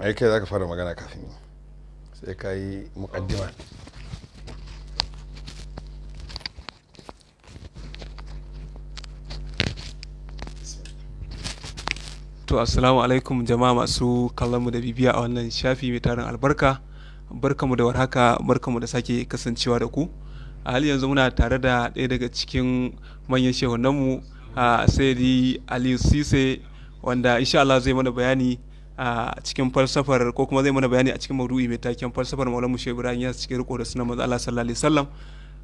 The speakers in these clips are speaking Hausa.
ai kai za ka fara magana kafin sai ka yi mukaddima to assalamu alaikum jama'a masu kallonmu da bibiya a wannan shafi mai tarin albarka barkamu da warhaka barkamu da sake kasancewa da ku a hali yanzu muna tare da ɗaya daga cikin manyan shehunanmu a sayyidi aliyu sise wanda insha Allah zai mana bayani a cikin falsafar ko kuma zai mana bayani a cikin maudu'i mai taken falsafar maulamu mushe ibrahim ya cikin riko da suna manzo Allah sallallahu alaihi wasallam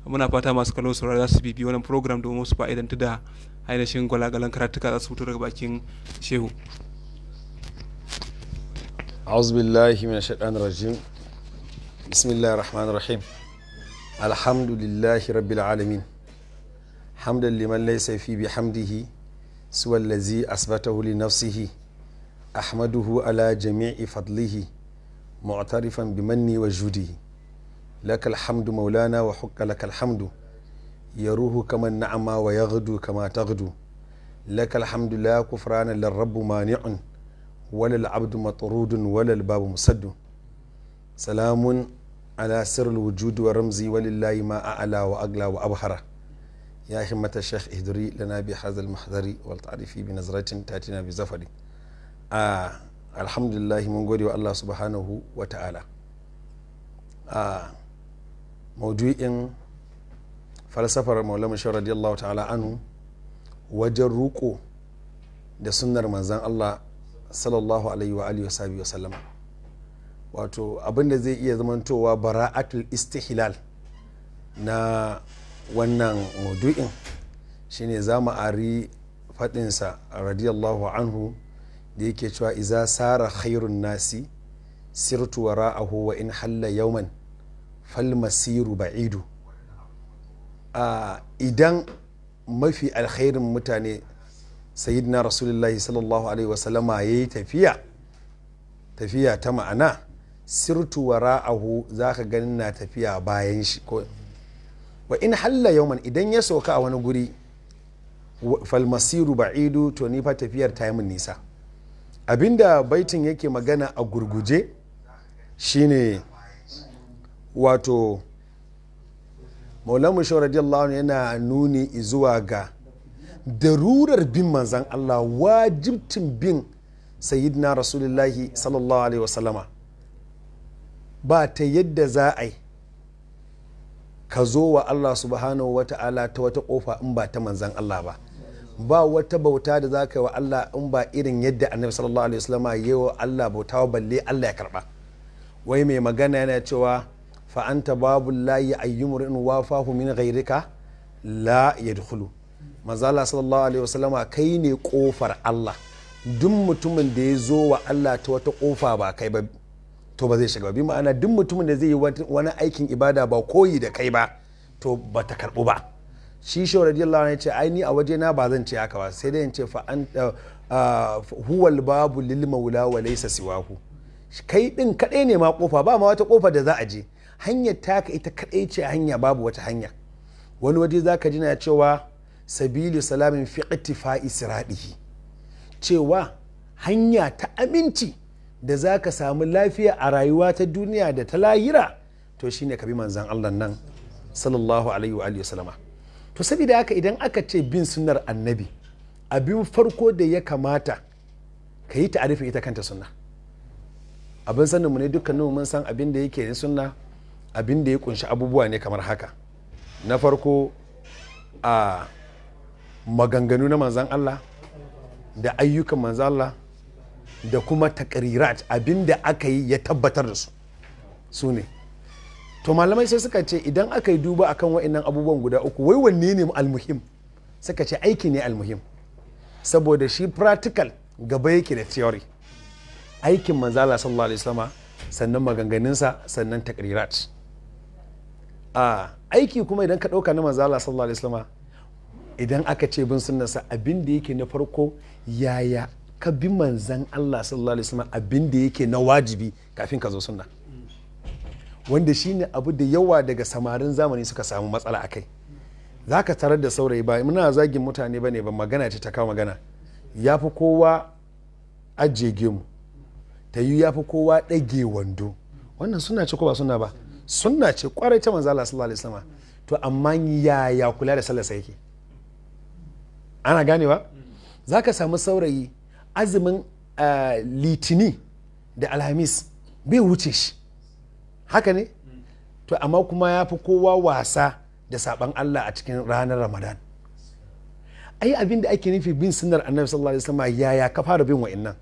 muna fata masu kallon sauraro za su bibi wannan program domin su fa'idanta da ainihin gwalagalan karatuka za su fito daga bakin shehu أعوذ بالله من الشيطان الرجيم بسم الله الرحمن الرحيم الحمد لله رب العالمين حمدا لمن ليس في بحمده سوى الذي أحمده على جميع فضله معترفا بمني وجوده لك الحمد مولانا وحق لك الحمد يروه كما النعم ويغدو كما تغدو لك الحمد لا كفران للرب مانع ولا العبد مطرود ولا الباب مسد سلام على سر الوجود ورمزي ولله ما أعلى وأقلى وأبهر يا همة الشيخ اهدري لنا بهذا المحذري والتعريف بنظرة تأتينا بزفري a alhamdulillahi mun gode wa allah subhanahu wa ta'ala a maudu'in falsafar maulama shi radiyallahu ta'ala anu wajen ruko da sunnar manzan allah sallallahu alaihi wa alihi wa sallama wato abinda zai iya zamantowa bara'atul istihlal na wannan maudu'in shine za mu ari faɗinsa radiyallahu anhu da yake cewa iza sara khairun nasi sirtu ra'ahu wa in halla yawman fal masiru ba'idu idan mafi alkhairin mutane sayyidina rasulullahi sallallahu alaihi wa sallama yayi tafiya tafiya ta ma'ana sirtu wara'ahu za ka ganin na tafiya bayan shi wa in halla yawman idan ya soka a wani guri masiru ba'idu to ni fa tafiyar ta yi nisa abinda baitin yake magana a gurguje shine wato maulamu radiyallahu yana nuni zuwa ga darurar bin manzan Allah wajibtin bin sayyidina rasulullahi sallallahu alaihi wasallama ba ta yadda za a yi ka zo wa Allah subhanahu wa ta'ala ta wata kofa in ba ta manzan Allah ba ba wata bauta da za ka yi wa Allah in ba irin yadda annabi sallallahu alaihi wasallam ya wa Allah bauta wa balle Allah ya karba wai mai magana yana cewa fa anta babu layi ayyumur in wafahu min ghairika la yadkhulu manzo Allah sallallahu alaihi wasallam kai ne kofar Allah duk mutumin da ya zo wa Allah ta wata kofa ba kai ba to ba zai shiga bi ma'ana duk mutumin da zai yi wani aikin ibada ba koyi da kai ba to ba ta karbu ba shi shehu radiyallahu anhu ya ce ai ni a waje na ba zan ce haka ba sai dai in ce fa'an uh, uh, huwal babu lil maula wa laysa siwahu kai din kadai ne ma kofa ba ma wata kofa da za a je hanyar taka ita kadai ce hanya babu wata hanya wani waje za ka na cewa sabilu salamin fi ittifa'i isra'ihi cewa hanya ta aminci da za ka samu lafiya a rayuwa ta duniya da ta lahira to shine ka bi manzan Allah nan sallallahu alaihi wa sallama to saboda haka idan aka ce bin sunnar annabi abin farko da ya kamata ka yi ta'arifin ita kanta sunna abin sanin mu ne dukkanin mun san abin da yake da sunna abin da ya kunshi abubuwa ne kamar haka na farko a maganganu na manzan Allah da ayyukan manzan Allah da kuma takrirat abin da aka yi ya tabbatar da su su ne to malamai sai suka ce idan aka yi duba akan wa'annan abubuwan guda uku wai wanne ne almuhim suka ce aiki ne almuhim saboda shi practical gaba yake da theory aikin manzala sallallahu alaihi wasallam sannan maganganunsa sannan takrirat a aiki kuma idan ka dauka na manzala sallallahu alaihi wasallam idan aka ce bin sunnarsa abin da yake na farko yaya ka bi manzan Allah sallallahu alaihi wasallam abin da yake na wajibi kafin ka zo sunna wanda shine abu da yawa daga samarin zamani suka samu matsala a kai za ka tarar da saurayi ba muna zagin mutane ba ne ba magana ce ta kawo magana ya fi kowa ajiye gemu ta yi ya fi kowa ɗage wando wannan suna ce ko ba suna ba suna ce kwarai ta manzala sallallahu alaihi wasallam to amma ya ya kula da sallar sa yake ana gane ba za ka samu saurayi azumin eh, litini da alhamis bai wuce shi haka ne to amma kuma ya fi kowa wasa da saban Allah a cikin ranar Ramadan ai abin da ake nufi bin sunnar annabi sallallahu alaihi wasallam yaya ka fara bin wa'annan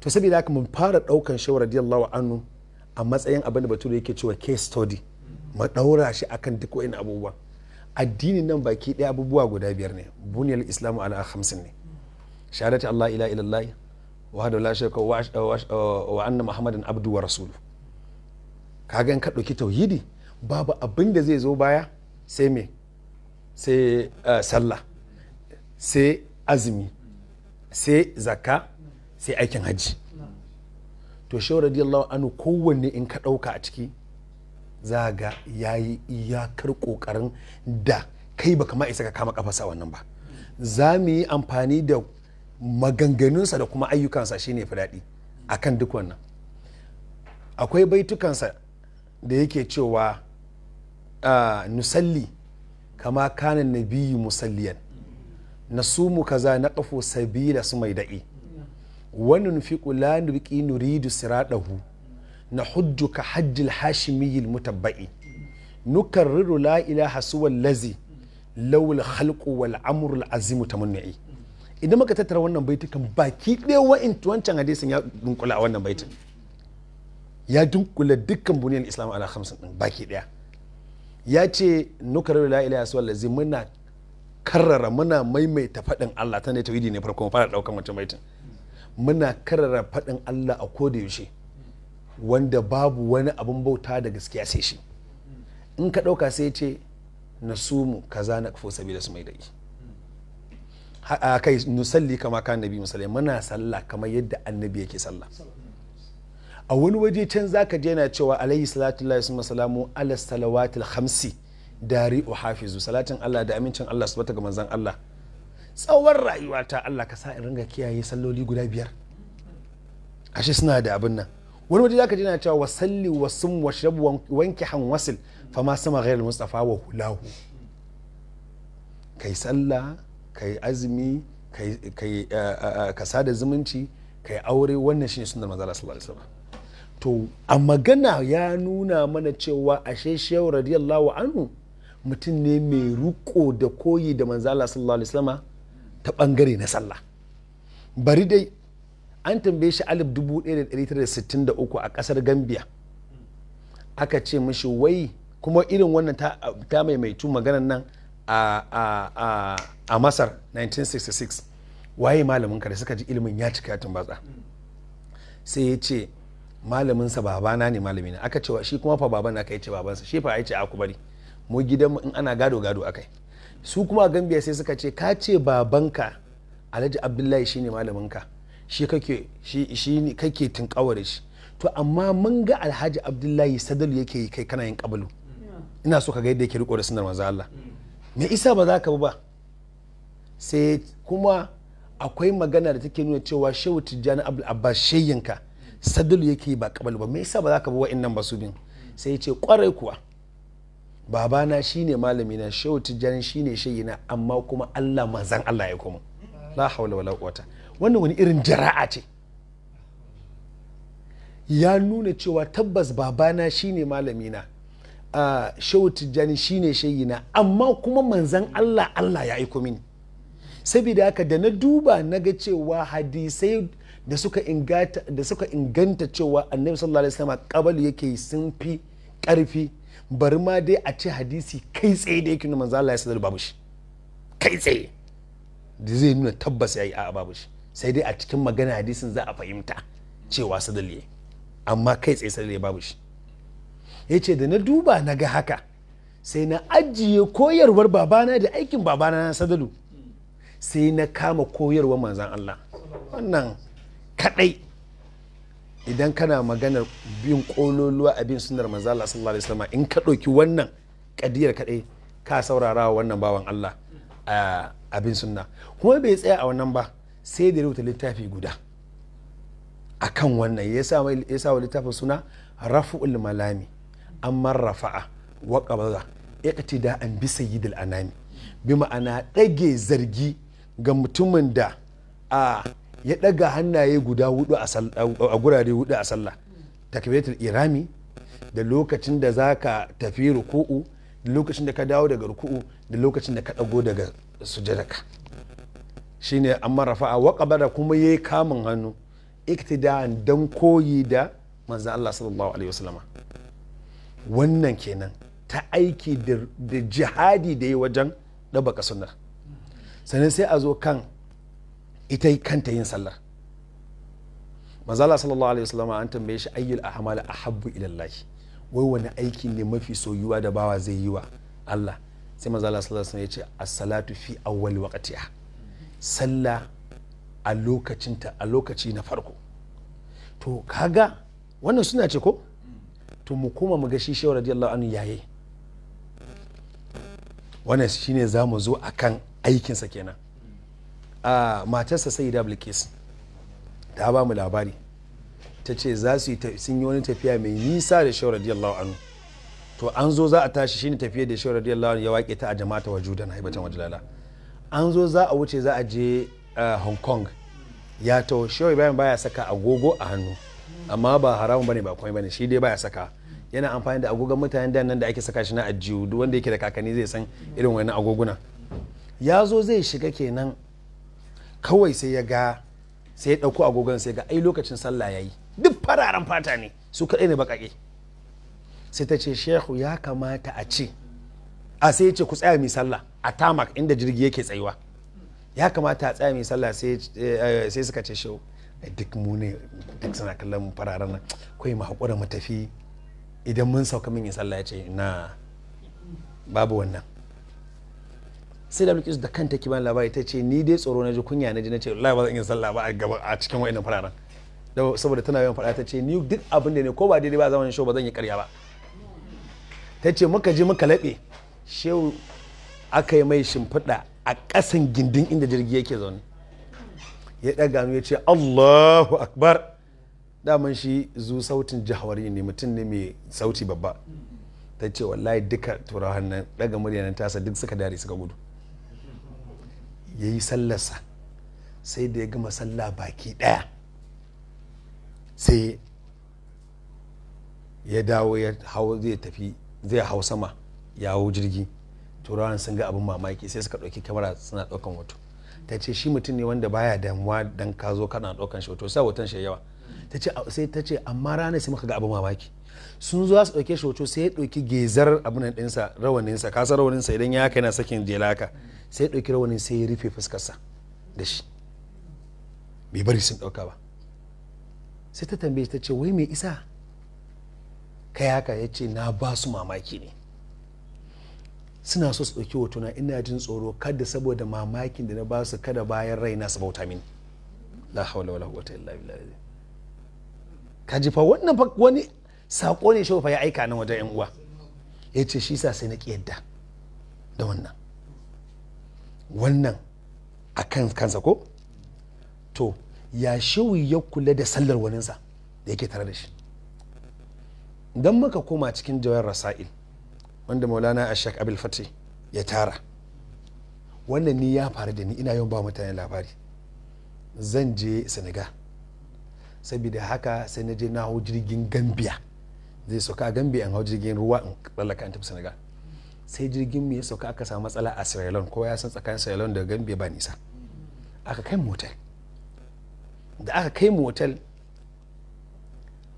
to saboda haka mun fara daukan shawar radiyallahu anhu a matsayin abin da bature yake cewa case study mu daura shi akan duk wa'annan abubuwa addinin nan baki ɗaya abubuwa guda biyar ne buniyar islamu ala hamsin ne shahadati allah ila ilallah wa hadu la shaka wa anna muhammadan abdu wa rasulu Ka in ka ɗauki tauhidi babu abin da zai zo baya sai me sai eh, sallah sai azumi sai zakka sai aikin hajji to shi radiyallahu anhu kowanne in ka ɗauka a ciki za ga ya yi iyakar ƙoƙarin da kai baka ma isa ka kama kafasa wannan ba za mu yi amfani da maganganunsa da kuma ayyukansa shine fi daɗi akan duk wannan akwai baitukansa da yake cewa ah, nusalli kama kanan biyu musalliyan na su mu kaza na kafo sabila su mai da'i wani nufi kula nuki nuridu siraɗahu na hujju ka hajjil hashimiyil mutabba'i nukan la ilaha suwan wallazi lawul halku wal amurul azimu tamunni'i idan muka tattara wannan baitukan baki ɗaya wa'in wancan hadisin ya dunkula a wannan baitukan ya dunkula dukkan buniyar islam ala hamsin din baki daya ya ce nukar la ilaha illa muna karrara muna maimaita faɗin Allah ta ne tauhidi ne farko fara daukan wancan baitin muna karrara faɗin Allah a koda yaushe wanda babu wani abun bauta da gaskiya sai shi in ka dauka sai ce nasumu kaza na kafo da su mai dai kai nusalli kama kan nabi musallai muna sallah kamar yadda annabi yake sallah a wani waje can za ka jena cewa alayhi salatu lillahi salamu ala khamsi dari o hafizu salatin Allah da amincin Allah bata ga Maza Allah tsawon rayuwa ta Allah ka sa in ringa kiyaye salloli guda biyar ashe suna da abin nan wani waje za ka jena cewa wasalli wa washrab wanki han wasil fa ma sama ghayr mustafa wa hulahu kai sallah kai azumi kai eh, eh, eh, ka sada zumunci kai aure wannan shine sunnar manzon Allah sallallahu alaihi wasallam to a magana ya nuna mana cewa ashe shehu radiyallahu anhu mutum ne mai ruko da koyi da manzala sallallahu alaihi wasallam ta bangare na sallah bari dai an tambaye shi alif 1963 a kasar gambia aka ce mishi wai kuma irin wannan ta maimaitu maganan nan a masar 1966 waye malamin kare suka ji ilimin ya cika ya tumbatsa sai ya ce malaminsa babana ne malami na aka cewa shi kuma fa baban aka yi ce babansa shi fa ai ce aku bari mu gidan in ana gado gado akai su kuma a gambiya sai suka ce ka ce babanka alhaji abdullahi shine malaminka shi kake shi shi kake shi to amma mun ga alhaji abdullahi sadalu yake kai kana yin kabulu ina so ka ga yadda yake riko da sunar manzo Allah me isa ba za ka ba sai kuma akwai magana da take nuna cewa shehu tijjani abul abbas shayyinka sadul yake ba kabal ba me yasa ba za ka bi wa'annan ba su bin sai ya ce kwarai kuwa babana shine malami na shehu tijjani shine shayina amma kuma Allah manzan Allah ya koma la hawla wala quwata wannan wani irin jara'a ce ya nuna cewa tabbas babana shine malami na uh, shehu tijjani shine shayina amma kuma manzan Allah Allah ya aiko mini saboda haka da na duba na ga cewa hadisai da suka inganta cewa annabi sallallahu alaihi wasallam kabalu yake sun fi karfi bari ma dai a ce hadisi kai tsaye da yake nuna manzo Allah ya sallallahu babu shi kai tsaye da zai nuna tabbas yayi a babu shi sai dai a cikin magana hadisin za a fahimta cewa sadal yayi amma kai tsaye sadal ya babu shi yace da na duba na ga haka sai na ajiye koyarwar babana da aikin babana na sadalu sai na kama koyarwar manzan Allah wannan kadai idan kana maganar bin kololuwa bin sunar manzo sallallahu alaihi wasallam in ka ɗauki wannan kadiyar kadai ka saurara wa wannan bawan Allah a bin sunna kuma bai tsaya a wannan ba sai da rubuta littafi guda akan wannan ya sa wa littafin suna rafu'ul malami amma rafa'a wa qabza iqtida an bi sayyidil anami bi ma'ana dage zargi ga mutumin da a ya daga hannaye guda hudu a gurare hudu a sallah takbiratul irami da lokacin da za ka tafi ruku'u da lokacin da ka dawo daga ruku'u da lokacin da ka ɗago daga sujadaka shine amma rafa'a wa qabara kuma yayi kamun hannu iktida'an dan koyi da manzon Allah sallallahu alaihi wasallama wannan kenan ta aiki da jihadi da yi wajen ɗabaka sunna sannan sai a zo kan ita kanta yin sallar manzala sallallahu alaihi wasallam an tambaye shi ayyul ahmal ahabbu ila Allah wai wani aiki ne mafi soyuwa da bawa zai yi wa Allah sai manzala sallallahu alaihi wasallam ya ce as-salatu fi awwal waqtiha sallah a lokacinta a lokaci na farko to kaga wannan suna ce ko to mu koma mu ga shi shehu radiyallahu anhu yaye wannan shine zamu zo akan aikinsa kenan a matarsa sai da ta ba mu labari ta ce za su yi sun yi wani tafiya mai nisa da shawar radiyallahu anhu to an zo za a tashi shine tafiya da shawar radiyallahu anhu ya wake ta a jama'ata wa judan haibatan wa jalala an zo za a wuce za a je hong kong ya to shawar ibrahim baya saka agogo a hannu amma ba haramun bane ba komai bane shi dai baya saka yana amfani da agogon mutanen da nan da ake saka shi na ajiyu duk wanda yake da kakanni zai san irin wannan agoguna ya zo zai shiga kenan kawai sai ya ga sai ya ɗauko agogon sai ga ai lokacin sallah ya yi duk fararen fata ne su kaɗai ne baƙaƙe sai ta ce shehu ya kamata a ce a sai ya ce ku tsaya mai sallah a tamak inda jirgi yake tsayuwa ya kamata a tsaya mai sallah eh, sai suka ce shehu duk mu duk suna kallon fararen nan kai mu haƙura mu tafi idan mun sauka min yi sallah ya ce na babu wannan sai da bilkisu da kanta ke ban labari ta ce ni dai tsoro na ji kunya na ji na ce wallahi ba zan iya sallah ba a gaba a cikin wa'annan fararen saboda tana yawan faɗa ta ce ni duk abin da ne ko ba daidai ba zaman show ba zan yi karya ba ta ce muka je muka laɓe shehu aka yi mai shimfiɗa a ƙasan gindin inda jirgi yake zaune ya ɗaga ya ce allahu akbar daman shi zu sautin jihawari ne mutum ne mai sauti babba ta ce wallahi duka turawan nan ɗaga murya nan tasa duk suka dare suka gudu ya yi sallarsa sai da ya gama sallah baki ɗaya sai ya dawo ya hau zai tafi zai hau sama ya hau jirgi turawan sun ga abin mamaki sai suka ɗauki kamera suna ɗaukan hoto ta ce shi mutum ne wanda baya damuwa dan ka zo kana ɗaukan shi hoto sai hoton shi yawa ta ce sai ta ce amma ranar sai muka ga abin mamaki sun zo su ɗauke shi hoto sai ya ɗauki gezar abin ɗinsa rawaninsa kasa rawaninsa idan ya kai na sakin jela haka sai ɗauki rawani sai ya rufe fuskarsa da shi bai bari sun ɗauka ba sai ta tambaye ta ce wai mai isa kai haka ya ce na ba su mamaki ne suna so su ɗauki hotuna ina jin tsoro kada saboda mamakin da na ba su kada bayan raina su bauta mini la hawla wala quwwata illa billah ka ji fa wannan fa wani sako ne shi ya aika nan wajen yan uwa yace shi sa sai na yadda da wannan wannan a kan kansa ko to ya shewi ya kula da sallar waninsa da yake tare da shi don muka koma cikin jawar rasa'il wanda maulana ashak abil fati ya tara wannan ni ya faru da ni ina yawan ba mutane labari zan je senegal saboda haka sai na je na hau jirgin gambia zai sauka a gambia in hau jirgin ruwa in lalaka in tafi senegal sai jirgin mu ya sauka aka samu matsala a sierra ko ya san tsakanin sierra leone da gambia ba nisa aka kai mu hotel da aka kai mu hotel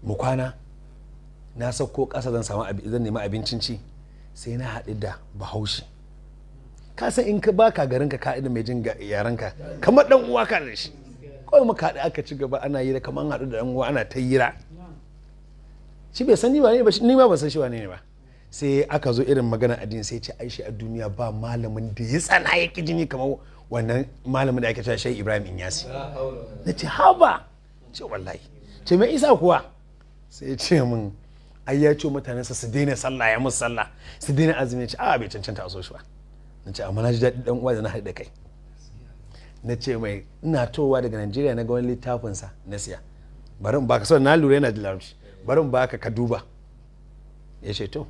mu kwana na sauko ƙasa zan samu zan nemi abincin ci sai na haɗu da bahaushe ka san in ka baka garin ka ka da mai jin yaran ka kamar dan uwa ka da shi kawai muka haɗu aka ci gaba ana yi da kamar haɗu da dan uwa ana ta yira shi bai san ni ba ne ba ni ma ban san shi wane ne ba sai aka zo irin magana addini sai ce aishi a duniya ba malamin da ya tsana ya ki jini kamar wannan malamin da ake cewa shai ibrahim yasi na ce haba ce wallahi ce mai isa kuwa sai ce min ai ya ce su daina sallah ya musu sallah su daina azumi ce a bai cancanta a so ba na ce amma na ji daɗi dan uwa da na haɗu da kai na ce mai ina towa daga najeriya na ga wani sa. na siya bari in baka so na lura yana da larabci bari in baka ka duba ya ce to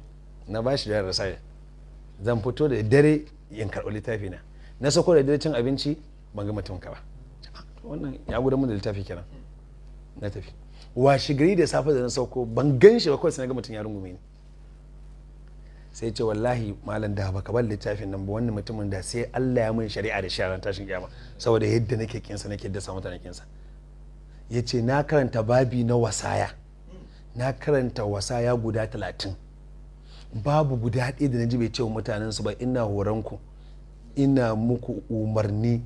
na bashi da rasa zan fito da dare in karɓi littafi na na sako da dare cin abinci ban ga mutum ka ba wannan ya gudan mun da littafi kenan na tafi washi gari da safe da na sauko ban gan shi ba kawai sai na ga mutum ya rungume ni sai ce wallahi malam da baka bar littafin nan ba wannan mutumin da sai Allah ya mun shari'a da sharan tashin kiyama saboda yadda nake kinsa nake dasa mutane kinsa yace na karanta babi na wasaya na karanta wasaya guda talatin babu guda ɗaya da na ji bai ce wa mutanen su ba ina ku. ina muku umarni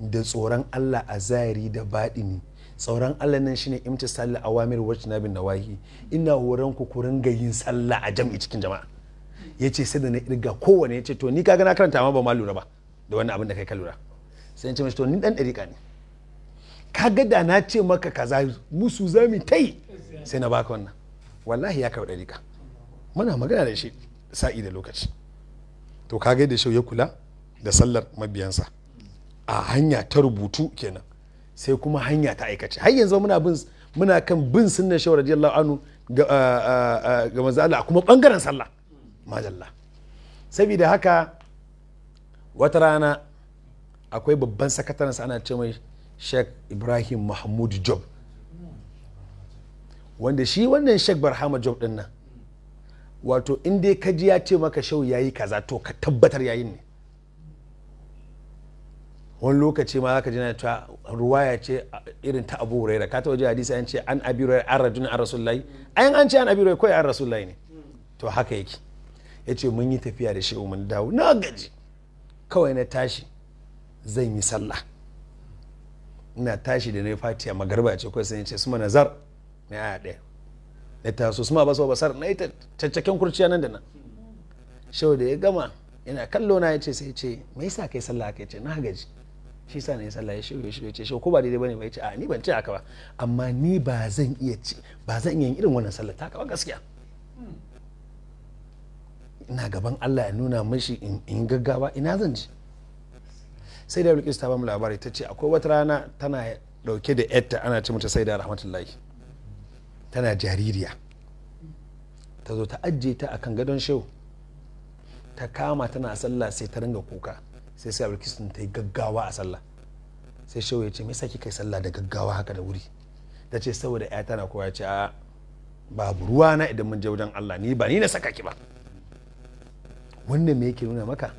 da tsoron Allah a zahiri da baɗini tsoron Allah nan shine imtisal na wa na wahi ina horonku ku ringa yin sallah a jam'i cikin jama'a Ya ce sai da na irga kowane ce to ni kaga na karanta ma ba ma lura ba da wannan abin da kai ka lura sai ce mashi to ni dan dariƙa ne kaga da na ce maka kaza musu zami yi. sai na baka wannan wallahi ya kawo dariƙa muna magana da shi sa'i da lokaci to ka gaida shau ya kula da sallar mabiyansa a hanya ta rubutu kenan sai kuma hanya ta aikace har yanzu muna bin muna kan bin sunnan shau radiyallahu anhu ga ga manzo Allah kuma bangaren sallah majalla saboda haka wata rana akwai babban sa ana cewa mai sheikh ibrahim mahmud job wanda shi wannan sheikh barhama job din nan wato in dai ka ji ya ce maka shau yayi kaza to ka tabbatar yayin ne wani lokaci ma zaka ji na ruwa ya ce irin ta Abu Hurairah ka taɓa ji hadisi an ce an Abi Hurairah an rajulun an Rasulullahi ayan an ce an Abi Hurairah kawai an Rasulullahi ne to haka yake yace mun yi tafiya da shehu mun dawo na gaji kawai na tashi zan yi sallah ina tashi da na yi fatiya magarba ce kawai sai ce su ma nazar na yaya ɗaya ya taso su ma ba su basar na ita cancakin kurciya nan da nan shau da ya gama yana kallo na ya ce sai ce me sa kai sallah ka ce na gaji shi sa ne sallah ya shi ya ce shau ko ba daidai bane ba ya ce a ni ban ce haka ba amma ni ba zan iya ci ba zan iya yin irin wannan sallah ta kawo gaskiya ina gaban Allah ya nuna mashi in gaggawa ina zan ji sai da Bilkis ta ba mu labari ta ce akwai wata rana tana dauke da yarta ana ce mata sai da rahmatullahi tana jaririya ta zo ta ajiye ta akan gadon shehu ta kama tana sallah sai ta ringa kuka sai sai abulkisun ta yi gaggawa a sallah sai shehu ya ce me saki kai sallah da gaggawa haka da wuri ta ce saboda ya tana kowa ya ce a babu ruwa na idan mun je wajen Allah ni ba ni na saka ki ba wannan me yake nuna maka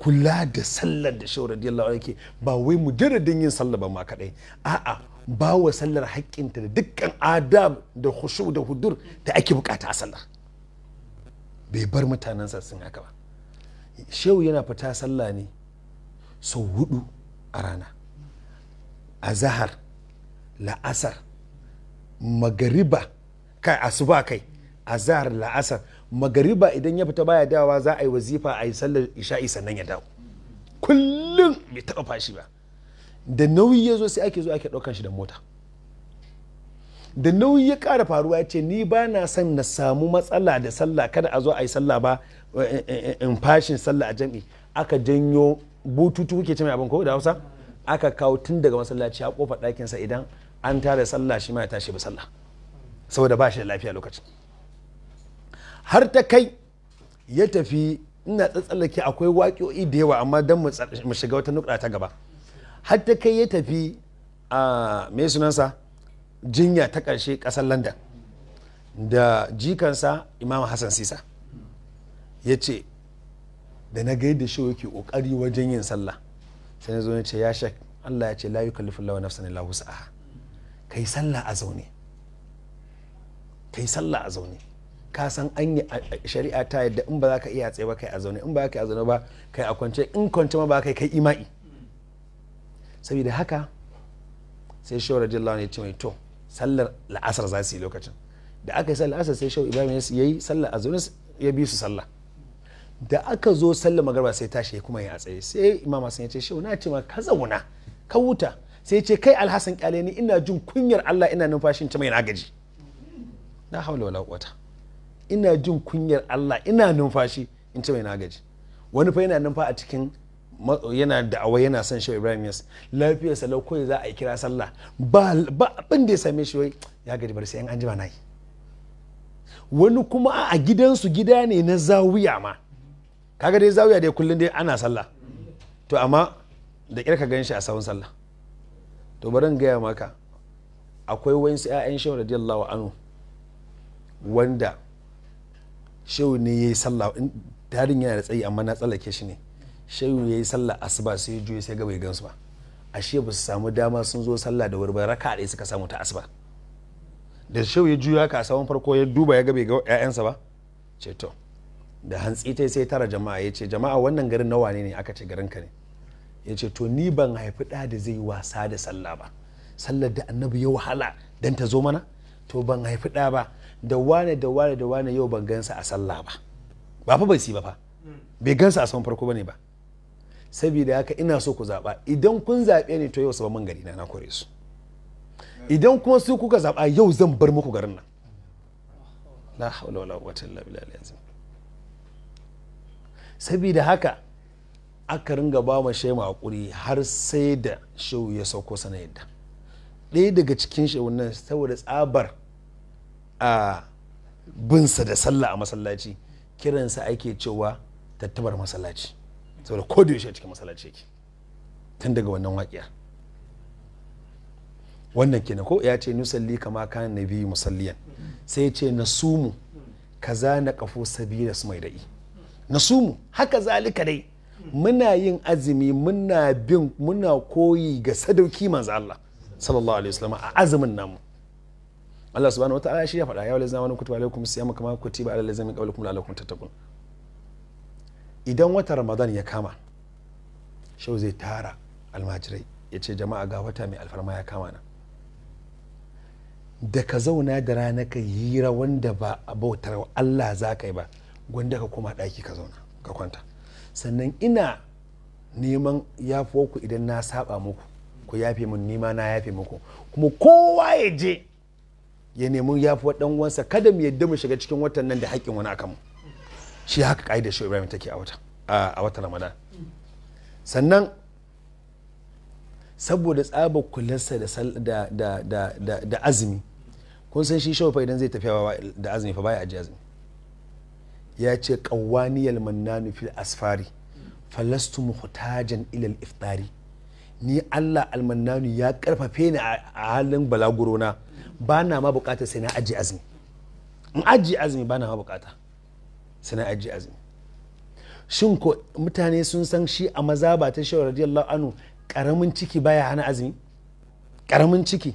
kula da sallar da shehu radiyallahu anhu ba wai mu mujarradin yin sallah ba ma kadai a'a ba wa sallar haƙƙinta da dukkan adab da hushu' da hudur da ake bukata a sallar bai bar mutanensa sun haka ba shehu yana fita sallah ne sau hudu a rana a zahar la'asar magariba kai asuba kai a zahar la'asar magariba idan ya fita baya dawa za a yi wazifa a yi sallar isha'i sannan ya dawo kullum bai taɓa fashi ba da nauyi ya zo sai ake zo ake ɗaukan shi da mota da nauyi ya ƙara faruwa ya ce ni ba na son na samu matsala da sallah kada a zo a yi sallah ba in fashin sallah a jam'i aka janyo bututu kuke ce mai abin ko da hausa aka kawo tun daga masallaci a kofar ɗakinsa idan an tara sallah shi ma ya tashi ba sallah saboda ba shi da lafiya lokacin har ta kai ya tafi ina tsatsallake akwai waƙo'i da yawa amma don mu shiga wata nukɗa ta gaba har ta kai ya tafi a mai sunansa jinya ta ƙarshe ƙasar london da jikansa imam hassan sisa ya ce da na gaida shi yake ƙoƙari wajen yin sallah sai na zo ya ce ya shak allah ya ce la kalifin lawa nafsan illa wus'aha kai sallah a zaune kai sallah a zaune ka san an yi shari'a ta yadda in ba za ka iya tsaye ba kai a zaune in ba ka a zaune ba kai a kwance in kwance ma ba kai kai ima'i saboda haka sai shawar radiyallahu anhu ya ce mai to sallar la'asar za su yi lokacin da aka yi sallar la'asar sai shawar ibrahim ya yi sallar zuwa ya bi su sallah da aka zo sallar magarba sai tashi ya kuma yi a tsaye sai imam hassan ya ce shawar na ce ma ka zauna ka huta sai ce kai alhassan kyale ni ina jin kunyar Allah ina numfashin ta mai na gaji na haula wala quwata ina jin kunyar Allah ina numfashi in ce mai na wani fa yana numfa a cikin yana da'awa yana son shi ibrahim yas lafiyar salau kawai za a yi kira sallah ba abin da ya same shi wai ya gaji bari sai an anjima na yi wani kuma a gidansu gida ne na zawiya ma kaga dai zawiya dai kullum dai ana sallah to amma da ka gan shi a sawun sallah to bari gaya maka akwai wani 'ya'yan shehu radiyallahu anhu wanda shehu ne ya yi sallah tarin yana da tsayi amma na tsallake shi ne shehu ya yi sallah asuba sai ya juye sai ga bai gansu ba ashe ba su samu dama sun zo sallah da wuri ba raka ɗaya suka samu ta asuba da shehu ya juya ka saman farko ya duba ya ga bai ga ƴaƴansa ba ce to da hantsi ta sai tara jama'a ya ce jama'a wannan garin nawa ne aka ce garin ka ne ya ce to ni ban haifi ɗa da zai wasa da sallah ba sallar da annabi ya wahala dan ta zo mana to ban haifi ɗa ba da wane da wane da wane yau ban gansa a sallah ba ba fa bai si ba fa bai gansa a saman farko ba ne ba saboda haka ina so ku zaɓa idan kun zaɓe ni to yau su man gari na na kore su idan kuma su kuka zaɓa yau zan bar muku garin nan la haula wala quwwata illa billahi azim saboda haka aka ringa ba mu shema hakuri har sai da shehu ya sauko sana yadda ɗaya daga cikin shehu nan saboda tsabar a binsa da sallah a masallaci kiransa ake cewa tattabar masallaci saboda ko da yaushe a cikin masallaci yake tun daga wannan waƙiya wannan kenan ko ya ce nusalli kama kan nabi musalliyan sai ya ce nasumu kaza na kafo sabila su mai da'i nasumu haka zalika dai muna yin azumi muna bin muna koyi ga sadauki manzo Allah sallallahu alaihi wasallam a azumin namu Allah subhanahu ta'ala shi ya faɗa ya wala wani kutuba alaikum siyama kama kutiba alal lazina qablakum la'allakum tattaqun idan wata ramadan ya kama shau zai tara almajirai ya ce jama'a ga wata mai alfarma ya kama na da ka zauna da rana ka hira wanda ba a bautar allah za ka yi ba gwanda ka koma ɗaki ka zauna ka kwanta sannan ina neman yafuwarku idan na saba muku ku yafe mun nima na yafe muku kuma kowa ya je ya nemi yafuwa ɗan uwansa kada mu yadda mu shiga cikin watan nan da haƙƙin wani akan mu shi haka ka'idar shi ibrahim take a wata ramadan sannan saboda tsabar kulinsa da azumi kun san shi shawfa idan zai tafiya da azumi fa baya ajiye azumi ya ce ƙawaniyal mannanu fil asfari falastu muhtajan ilal iftari ni Allah almannanu ya karfafe ni a halin balagurona na ba na ma bukata sai na aji azumi in ajiye azumi ba na ma bukata ajiye azumi shin ko mutane sun san shi a maza ba ta shawar radiyallahu anhu karamin ciki baya hana azumi karamin ciki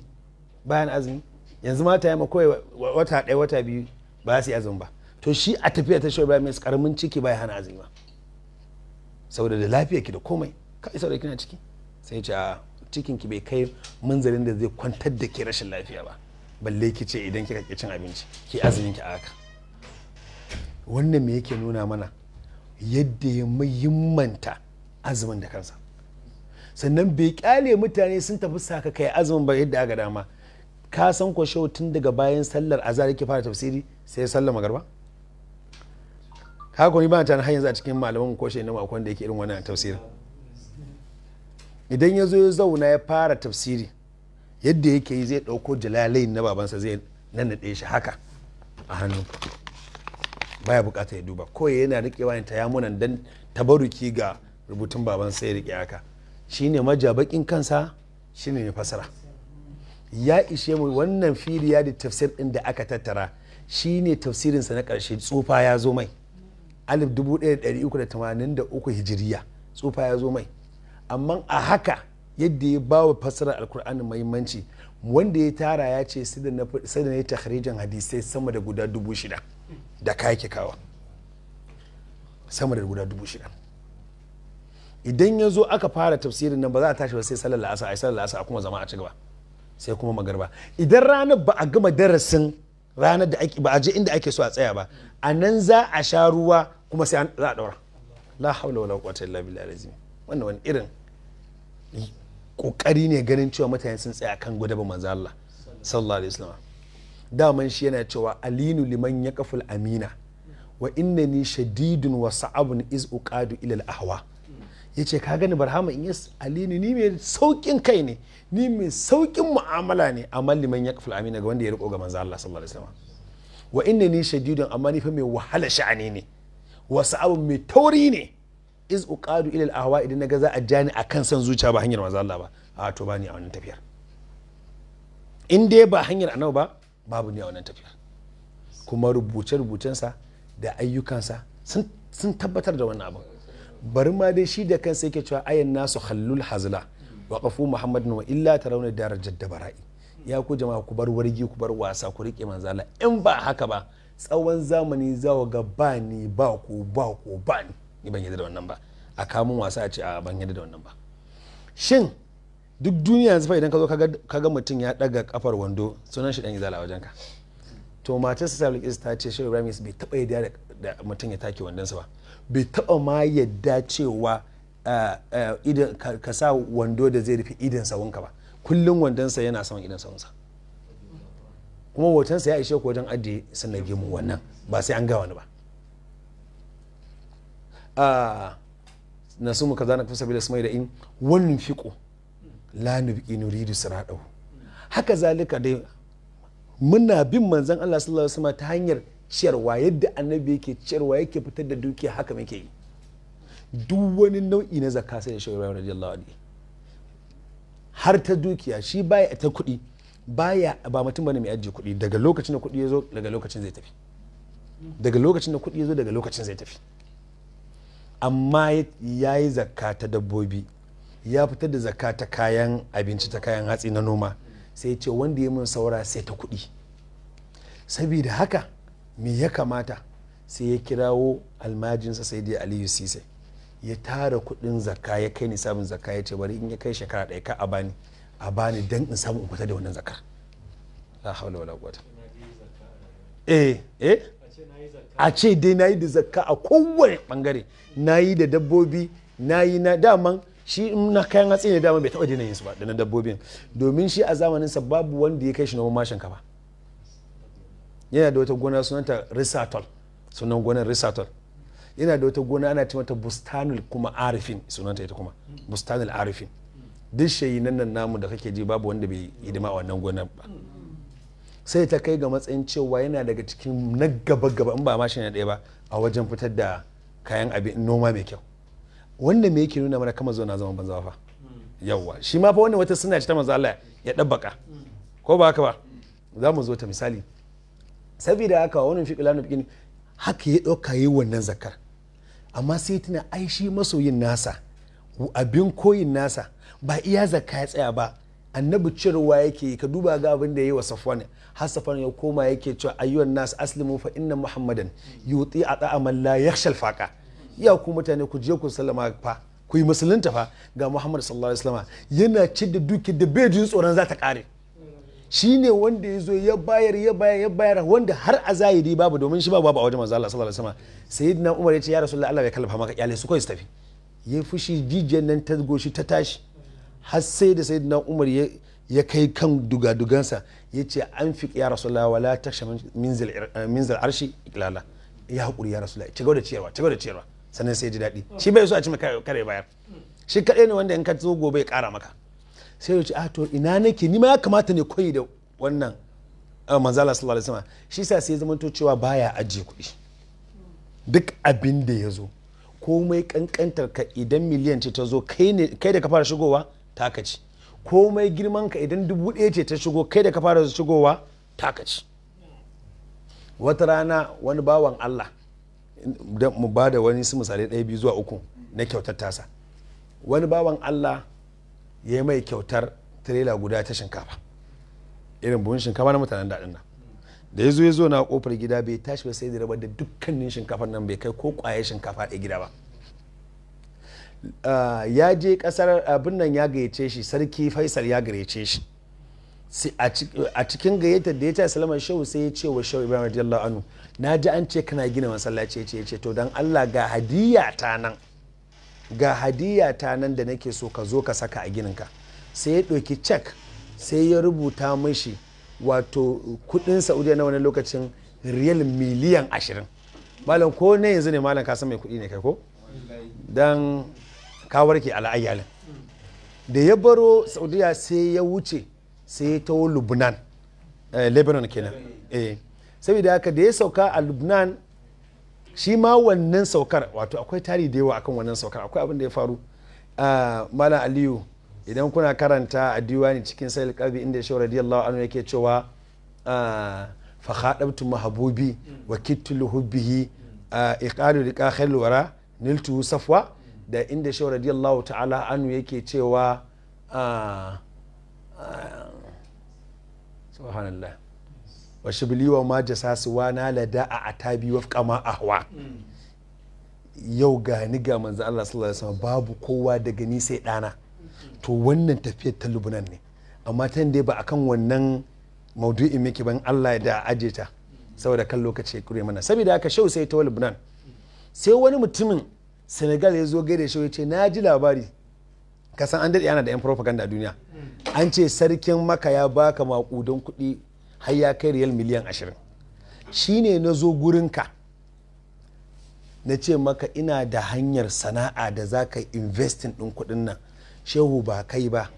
bayan azumi yanzu mata ya kawai wata ɗaya wata biyu ba su yi azumi ba to shi a tafiya ta shawar mai karamin ciki baya hana azumi ba saboda da lafiya ki da komai ka saboda kina ciki sai ce a cikin ki bai kai munzalin da zai kwantar da ke rashin lafiya ba balle ki ce idan kika ki cin abinci ki azumin ki a haka wannan me yake nuna mana yadda ya muhimmanta azumin da kansa sannan bai kyale mutane sun tafi saka kai azumin ba yadda aka dama ka san ko shau tun daga bayan sallar azhar yake fara tafsiri sai sallar magarba ka ko ba ta har yanzu a cikin malaman ko shi namu akwai wanda yake irin wannan tafsirin idan ya zo ya zauna ya fara tafsiri yadda yake yi zai dauko jalalai na babansa zai nanaɗe shi haka a hannu baya bukata ya duba ko yana rikewa ta tayamunan dan tabaruki ga rubutun baban sai ya rike haka shine majabakin kansa shine ne fasara ya ishe mu wannan fili ya da tafsir din da aka tattara shine tafsirinsa na karshe tsufa ya zo mai alif 1383 hijiriya tsufa ya zo mai amma a haka yadda ya ba wa fassarar alkur'ani mahimmanci wanda ya tara ya ce sai da na yi tahrijin hadisai sama da guda dubu shida da kaya kawa sama da guda dubu shida idan ya zo aka fara tafsirin nan ba za a tashi ba sai sallar la'asa a sallar la'asa a kuma zama a ci gaba sai kuma magarba idan ranar ba a gama darasin ranar da ake ba a je inda ake so a tsaya ba a nan za a sha ruwa kuma sai za a daura la haula wala quwwata illa billahi alazim wannan wani irin kokari ne ganin cewa mutane sun tsaya kan gudaba manzo Allah sallallahu alaihi wasallam daman shi yana cewa alinu liman ya kafa amina wa inna ni shadidun wa sa'abun iz uqadu ila al-ahwa yace ka gani barhama in yes alinu ni mai saukin kai ne ni mai saukin mu'amala ne amma liman ya kafa amina ga wanda ya riko ga manzo Allah sallallahu alaihi wasallam wa inna ni shadidun amma ni fa mai wahala sha'ani ne wa sa'abun mai tauri ne iz uqadu ila al-ahwa idan naga za a jani akan san zuciya ba hanyar manzo Allah ba a to bani a wannan tafiyar in dai ba hanyar annabi ba babu ne a wannan tafiyar kuma rubuce-rubucensa da ayyukansa sun tabbatar da wannan abin bari ma dai shi da kansa yake cewa ayan nasu hallul hazla wa kafu muhammadin wa illa ta darajar da bara'i ya ku jama'a ku bar wargi ku bar wasa ku rike manzala in ba haka ba tsawon zamani za ga ba ni ba ku ba ku ba ni ban yadda da wannan ba a kamun wasa a ce a ban yadda da wannan ba shin duk duniya yanzu fa idan ka zo ka ga mutum ya daga kafar wando sunan shi dan izala wajen ka to matar sa Bilkis ta ce Shehu Ibrahim bai taba yadda da mutum ya take wandonsa ba bai taba ma yadda cewa ka sa wando da zai rufe idan sawunka ba kullum wandonsa yana saman idan sawunsa kuma sa ya ishe ku wajen ajiye sannan gemu wannan ba sai an ga wani ba na su mu kaza na kusa bi da sumai da in wannan fiko la nubqi nuridu siradahu haka zalika dai muna bin manzon Allah sallallahu alaihi wasallam ta hanyar ciyarwa yadda annabi yake ciyarwa yake fitar da dukiya haka muke yi duk wani nau'i na zakka sai shi shawara radiyallahu anhu har ta dukiya shi baya ta kuɗi baya ba mutum bane mai ajiye kuɗi daga lokacin da kuɗi ya zo daga lokacin zai tafi daga lokacin da kuɗi ya zo daga lokacin zai tafi amma ya yi zakka ta dabbobi ya fitar da zakka ta kayan abinci ta kayan hatsi na noma sai ya ce wanda ya mun saura sai ta kuɗi saboda haka me ya kamata sai ya kirawo almajinsa sai dai aliyu sise ya tara kuɗin zakka ya kai nisabin zakka ya ce bari in ya kai shekara ɗaya ka a bani a bani dan in samu in fita da wannan zakka la haula wala quwwata eh eh a ce dai nayi da zakka a kowane bangare nayi da dabbobi nayi na daman shi na kayan hatsi ne dama bai taɓa daina yin su ba da na dabbobin domin shi a zamanin sa babu wanda ya kai shi noman mashin kaba yana da wata gona sunanta risatol sunan gonar risatol yana da wata gona ana ce mata bustanul kuma arifin sunanta ita kuma bustanul arifin duk shayi nan nan namu da kake ji babu wanda bai hidima a wannan gonar ba sai ta kai ga matsayin cewa yana daga cikin na gaba gaba in ba mashin na ɗaya ba a wajen fitar da kayan abin noma mai kyau wanda me yake nuna mana kama na zama banza fa yawwa shi ma fa wannan wata suna ce ta manzo Allah ya dabbaka ko ba haka ba za mu zo ta misali saboda haka wannan fi qilanu bikin haka ya dauka yi wannan zakar amma sai tana ai shi masoyin nasa abin koyin nasa ba iya zakka ya tsaya ba annabi cirwa yake ka duba ga abin da yayi wa safwan har safwan ya koma yake cewa ayyuhan nas aslimu fa inna muhammadan yuti a man yakhshal faqa ya ku mutane ku je ku sallama fa ku yi musulunta fa ga Muhammad sallallahu alaihi wasallam yana ci da duki da bai jin tsoron za ta kare shine wanda ya zo ya bayar ya bayar ya bayar wanda har a zahiri babu domin shi babu a wajen manzo Allah sallallahu alaihi wasallam sayyidina Umar ya ce ya rasulullahi Allah ya kallafa maka iyalai su kai su tafi ya fushi jijiyar nan ta goshi ta tashi har sai da sayyidina Umar ya ya kai kan dugadugansa ya ce an fi ya rasulullahi wala ta min zal arshi iklala ya haƙuri ya rasulullahi ci gaba da ciyarwa ci gaba da ciyarwa sannan sai ji daɗi shi bai so a ci mai kare bayar shi kaɗai ne wanda in ka zo gobe ya kara maka sai ya ce a ah, to ina nake ni ma ya kamata ne koyi da wannan ah, manzala sallallahu alaihi wasallam shi sa sai zama to cewa baya ajiye kuɗi duk abin da ya zo komai kankantar ka idan miliyan ce ta zo kai da ka fara shigowa ta ci komai girman ka idan dubu ɗaya ce ta shigo kai da ka fara shigowa ta ci wata rana wani bawan Allah mu ba da wani su misali ɗaya biyu zuwa uku na kyautar tasa wani bawan allah ya yi mai kyautar tirela guda ta shinkafa irin buhun shinkafa na mutanen daɗin nan da ya zo ya zo na kofar gida bai tashi ba sai da rabar da dukkanin shinkafar nan bai kai ko kwaye shinkafa a gida ba ah, ya je kasar abin nan ya gayyace shi sarki faisal ya gayyace shi a cikin gayyatar da ya ce salama shehu sai ya ce wa shehu ibrahim radiyallahu anhu na ji an ce kana gina masallaci ya ce ya ce to dan allah ga hadiya ta nan ga hadiya ta nan da nake so ka zo ka saka a ginin ka sai ya ɗauki cek sai ya rubuta mashi wato kudin saudiya na wani lokacin riyal miliyan ashirin malam ko ne yanzu ne malam ka san mai kuɗi ne kai ko dan kawarki ala ayyalin da ya baro saudiya sai ya wuce sai ta lubnan eh, lebanon kenan eh saboda haka da ya sauka a lubnan shi ma wannan saukar wato akwai tarihi da yawa akan wannan saukar akwai abin da ya faru ah, mala aliyu idan kuna karanta a diwani cikin sayil kalbi inda ya shaura radiyallahu anhu yake cewa ah, fa khadabtu mahabubi wa kittu hubbihi ah, iqalu liqa khail wara niltu safwa da inda shaura radiyallahu ta'ala anhu yake cewa subhanallah wa ma jasasu wa na lada a atabi wa kama ahwa yau ga ni ga manzo Allah sallallahu alaihi wasallam babu kowa daga ni sai dana to wannan tafiyar ta Lubnan ne amma ta dai ba kan wannan maudu'in muke ban Allah ya da aje ta saboda kan lokaci ya kure mana saboda haka shau sai ta Lubnan sai wani mutumin Senegal ya zo gaida shi ya ce na ji labari kasan an daɗe ana da 'yan propaganda a duniya an ce sarkin maka ya baka makudan kuɗi har ya kai riyal miliyan ashirin shine na zo gurinka na ce maka ina da hanyar sana'a da za ka investin ɗin kuɗin nan shehu ba kai ba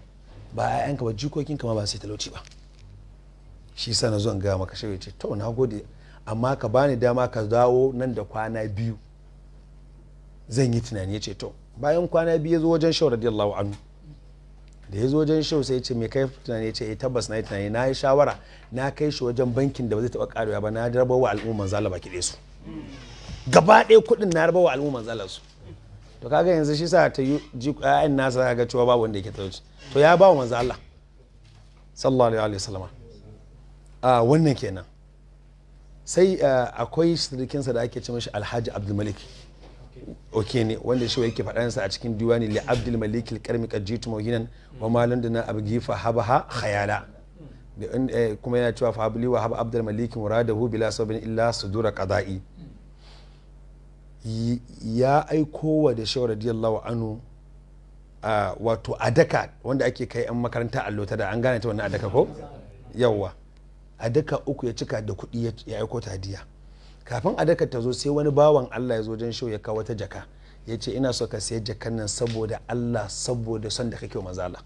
ba yanka ba jikokinka ma ba sai talauci ba shi sa na zo in gaya maka shehu ce to na gode amma ka bani dama ka dawo nan da kwana biyu zan yi tunani ya ce to bayan kwana biyu ya zo wajen shau radiyallahu anhu da ya zo wajen shau sai ya ce me kai tunani ya ce eh tabbas na yi tunani na yi shawara na kai shi wajen bankin da ba zai taɓa karewa ba na rabar wa al'umman zala baki ɗaya su gaba ɗaya kuɗin na rabar wa al'umman zala su to kaga yanzu shi sa ta yi ayin nasa ga cewa ba wanda yake talauci to ya ba wa manzo Allah sallallahu alaihi wasallam a wannan kenan sai akwai sa da ake ce mashi alhaji Abdul Malik. ok ne wanda shi yake faɗansa a cikin diwani li abdul malik al-karmi qajitu mawhinan wa ma abu abgi fa habaha khayala eh, kuma yana cewa fa habli wa haba abdul malik muradahu bila sabin illa sudura qada'i ya aiko wa da shi radiyallahu anhu wato adaka wanda ake kai an makaranta allo ta da an gane ta wannan adaka ko yawwa adaka uku ya cika da kuɗi ya aiko ta hadiya kafin a daka ta zo sai wani bawan Allah ya zo jan shau ya kawo wata jaka ya ce ina so ka sayi jakan nan saboda Allah saboda son da kake mazala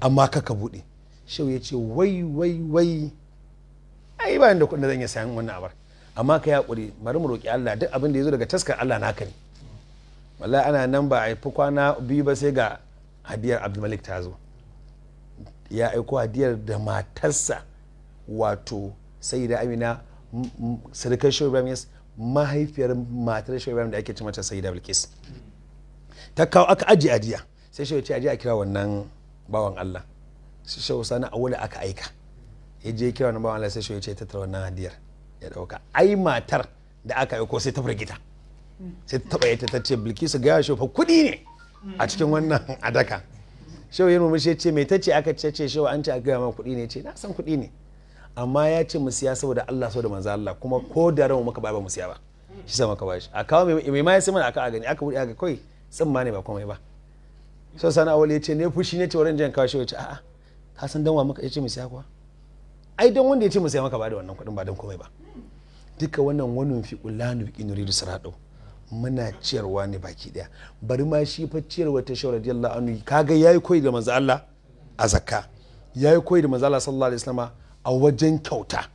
amma ka ka bude shau ya ce wai wai wai ai ba da kuɗin da zan iya sayan wannan abar amma ka ya ƙuri bari mu roƙi Allah duk abin da ya zo daga taskar Allah naka ne wallahi ana nan ba a fi kwana biyu ba sai ga hadiyar Abdulmalik ta zo ya aiko hadiyar da matarsa wato Sayyida amina sadakar shehu ibrahim mahaifiyar matar shehu ibrahim da ake ci mata sayyida bilkis ta kawo aka ajiye ajiya sai shehu ce ajiya kira wannan bawan allah sai shehu sani wuli aka aika ya je kira wannan bawan allah sai shehu ce tattara wannan hadiyar ya dauka ai matar da aka aiko sai ta firgita sai ta taba ita ta ce bilkisu ga shehu fa kudi ne a cikin wannan adaka shehu yin murmushi ya ce me ta ce aka ce shehu an ce a gaya ma kudi ne ce na san kudi ne amma ya ce mu siya saboda Allah saboda manzo Allah kuma ko da ran muka ba mu siya ba shi sai muka bashi a kawo mai ma ya sai mana aka gani aka buɗe aka kai ma ne ba komai ba so sana awali ya ce ne fushi ne ce wurin jan kawo shi ya ce a'a ka san dan wa muka ya ce mu siya kuwa ai dan wanda ya ce mu siya maka ba da wannan kuɗin ba dan komai ba duka wannan wannan fi ulanu bi nuridu sarado muna ciyarwa ne baki daya bari ma shi fa ciyarwa ta shawara radiyallahu anhu kaga yayi koyi da manzo Allah a zakka yayi koyi da manzo Allah sallallahu alaihi wasallam a wajen kyauta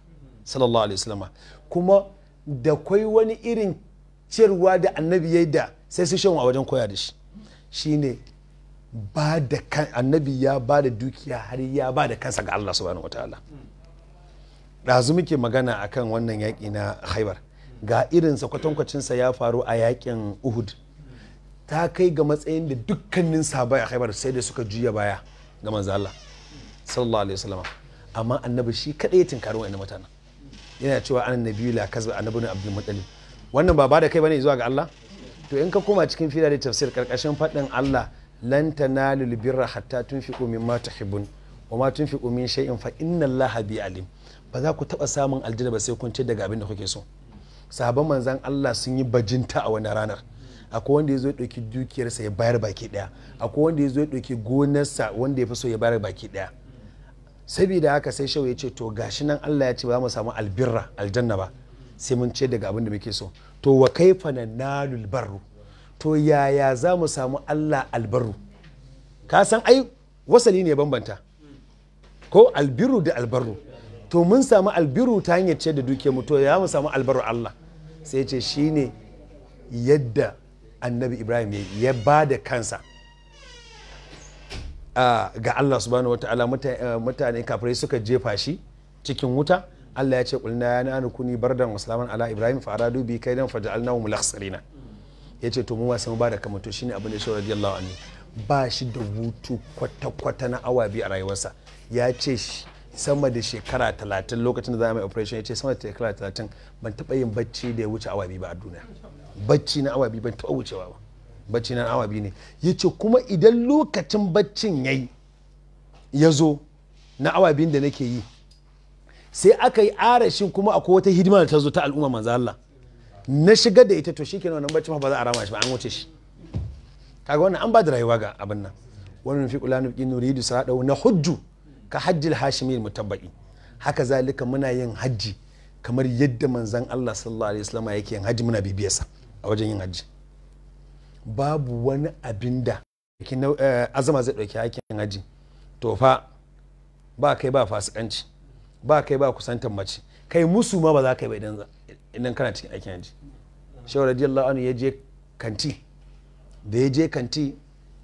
sallallahu alaihi wasallam kuma da kwai wani irin ciyarwa da annabi ya da sai su shan a wajen koya da shi shine ba da kan annabi ya ba da dukiya har ya ba da kansa ga Allah subhanahu wataala ɗazu muke magana akan wannan yaki na haibar ga irinsa kwatankwacinsa ya faru a yakin uhud ta kai ga matsayin da dukkanin sabai a haibar sai da suka juya baya ga manzo Allah sallallahu alaihi wasallam amma annabi shi kadai ya tinkari wa'annan mutanen yana cewa an nabiyu la annabi ne abdul muttalib wannan ba da kai bane zuwa ga Allah to in ka koma cikin fila da tafsir karkashin fadin Allah lan tanalu birra hatta tunfiqu mimma tuhibbun wa ma tunfiqu min shay'in fa inna Allaha bi alim ba za ku taba samun aljanna ba sai kun ce daga abin da kuke so sahabban manzan Allah sun yi bajinta a wani ranar akwai wanda ya zo ya ɗauki dukiyarsa ya bayar baki ɗaya akwai wanda ya zo ya ɗauki gonarsa wanda ya fi so ya bayar baki ɗaya saboda haka sai shawo ya ce to gashi nan Allah ya ce ba mu samu albirra aljanna ba sai mun ce daga abin da muke so to wa kaifa nalul barru to yaya za mu samu Allah albarru ka san ai wasali ne bambanta ko albiru da albarru to mun samu albiru ta hanyar ce da duke mu to ya mu samu albarru Allah sai ce shine yadda annabi Ibrahim ya ba da kansa ga Allah subhanahu wataala mutane kafirai suka jefa shi cikin wuta Allah ya ce kulna ya nanu kuni bardan musulman ala ibrahim fa aradu bi kaidan fa hum mulakhsirina yace to mu wasu ba da kamar to shine abin da shi radiyallahu anhu ba shi da hutu kwata-kwata na awa a rayuwarsa ya ce sama da shekara talatin lokacin da za a mai operation ya ce sama da shekara talatin ban taɓa yin bacci da ya wuce awa ba a duniya bacci na awa ban taɓa wucewa ba bacci na awa biyu ne ya ce kuma idan lokacin baccin ya yi ya zo na awa biyun da nake yi sai aka yi arashin kuma akwai wata hidima da ta zo ta al'umma manzo Allah na shiga da ita to shi kenan wannan ma ba za a rama shi ba an wuce shi kaga wannan an ba da rayuwa ga abin nan Wani nufi kula nufi nuridu sadau na hujju ka hajjil hashimi mutabbaki haka zalika muna yin hajji kamar yadda manzan Allah sallallahu alaihi wasallam yake yin hajji muna bibiyarsa a wajen yin hajji babu wani abin da eh, azama zai ɗauki hakin haji to fa ba kai ba fasikanci ba kai ba kusantar mace kai musu ma ba za ka yi ba idan kana cikin aikin haji shawar radiyallahu anhu ya je kanti da ya je kanti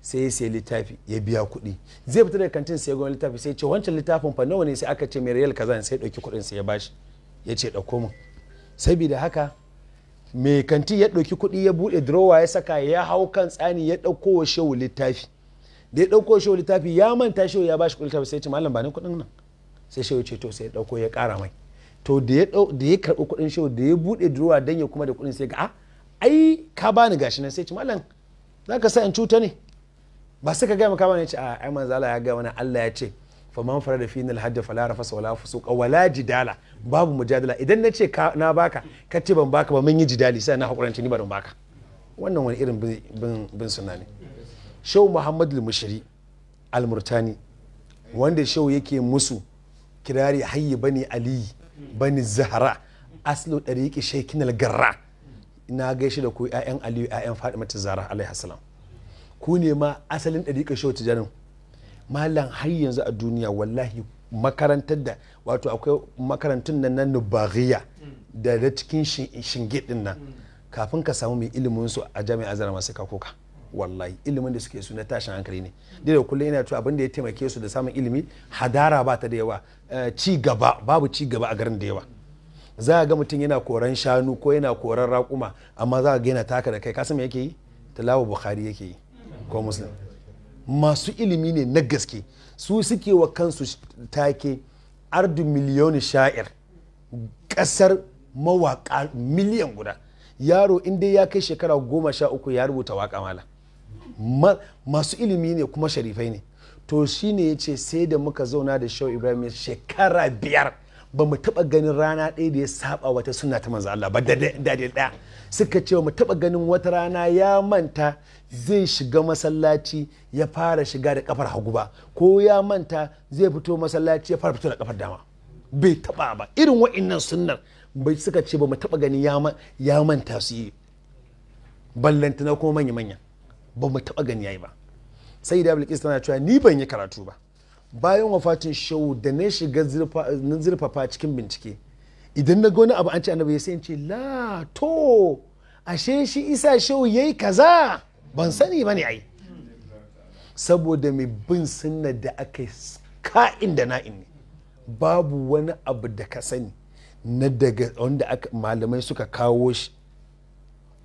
sai ya sayi littafi ya biya kuɗi zai fita daga kantin sai ya gwamnati littafi sai ce wancan littafin fa nawa ne sai aka ce mai riyal kaza sai ya ɗauki kuɗin sai ya bashi ya ce ɗauko mu Sabida haka mai kanti ya ɗauki kuɗi ya buɗe drowa ya saka ya hau kan tsani ya ɗauko wa shehu littafi da ya ɗauko shehu littafi ya manta shehu ya bashi kuɗi sai ya ce malam ba ni kuɗin nan sai shehu ce to sai ya ɗauko ya ƙara mai to da ya karɓi kuɗin shehu da ya buɗe drowa dan ya kuma da kuɗin sai ga a ai ka bani gashi nan sai ce malam za ka sa in cuta ne ba sai ka gaya maka ba ne ce a ai manzala ya gaya wani Allah ya ce fa man da fi nil hajj fala fasa wala ka wala jidala babu mujadala idan na ce na baka ka ce ban baka ba mun yi jidali sai na hakuranci ni ba don baka wannan wani irin bin suna ne shau muhammad al-mushiri al-murtani wanda shau yake musu kirari hayyi bani aliyi bani zahara aslo ɗari yake al-garra na gaishe da ku 'ya'yan aliyu 'ya'yan fadimata zahra alaihi salam ku ne ma asalin ɗariƙa shau tijanin malam har yanzu a duniya wallahi makarantar da wato akwai makarantun nan na nubariya da da cikin shinge din nan kafin ka samu mai ilimin su a jami'a zara masu kakoka wallahi ilimin da suke su na tashin hankali ne dai da kullum yana cewa abin da ya taimake su da samun ilimi hadara ba ta da yawa eh, ci gaba babu ci gaba a garin da yawa za a ga mutum yana koran shanu ko yana koran raƙuma amma za ga yana taka da kai kasan me yake yi talawa bukhari yake yi ko muslim masu ilimi ne na gaske su suke wa kansu take ardu miliyoni sha'ir kasar mawaƙa miliyan guda yaro inda ya kai shekara goma sha uku ya rubuta waƙa mala masu ilimi ne kuma sharifai ne to shine ya ce sai da muka zauna da shau ibrahim shekara biyar ba mu taɓa ganin rana ɗaya da ya saba wata suna ta manzo Allah ba da ɗaya suka ce mu taɓa ganin wata rana ya manta zai shiga masallaci ya fara shiga da kafar hagu ba ko ya manta zai fito masallaci ya fara fito da kafar dama bai taba ba irin wa'innan sunnar bai suka ce ba mu taba gani ya manta su yi ballantana kuma manya manya ba mu taba gani yayi ba sai da bilkis tana cewa ni ban yi karatu ba bayan wafatin shehu da na shiga zurfafa cikin bincike idan na gona abu an ce annabi sai in ce la to ashe shi isa shehu yayi kaza ban sani ba ne ai saboda mai bin sunna da aka ka'in da na'in ne babu wani abu da ka sani na daga wanda malamai suka kawo shi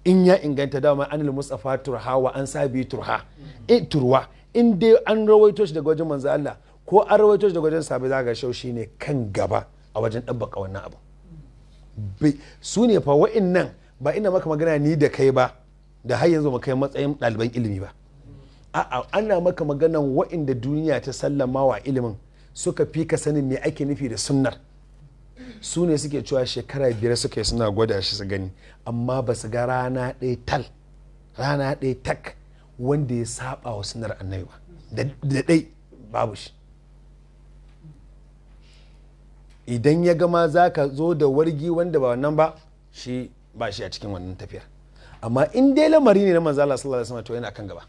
in ya inganta dama an mustafa turha wa an sabi turha in eh, turwa in dai an rawaito shi daga wajen manzo Allah ko an rawaito shi daga wajen sabi za ga shau shine kan gaba a wajen ɗabbaka wannan abu su ne fa wa'in nan ba ina maka magana ni da kai ba da har yanzu kai matsayin ɗaliban ilimi ba a'a ana maka maganan wa'inda duniya ta sallama wa ilimin suka fi ka sanin me ake nufi da sunnar su ne suke cewa shekara biyar suka yi suna gwada shi su gani amma ba su ga rana ɗaya tal rana ɗaya tak wanda ya saba wa sunar annabi ba da ɗai babu shi idan ya gama za ka zo da wargi wanda ba wannan ba shi ba shi a cikin wannan tafiyar amma in dai lamari ne na manzan Allah sallallahu alaihi wasallam to yana kan gaba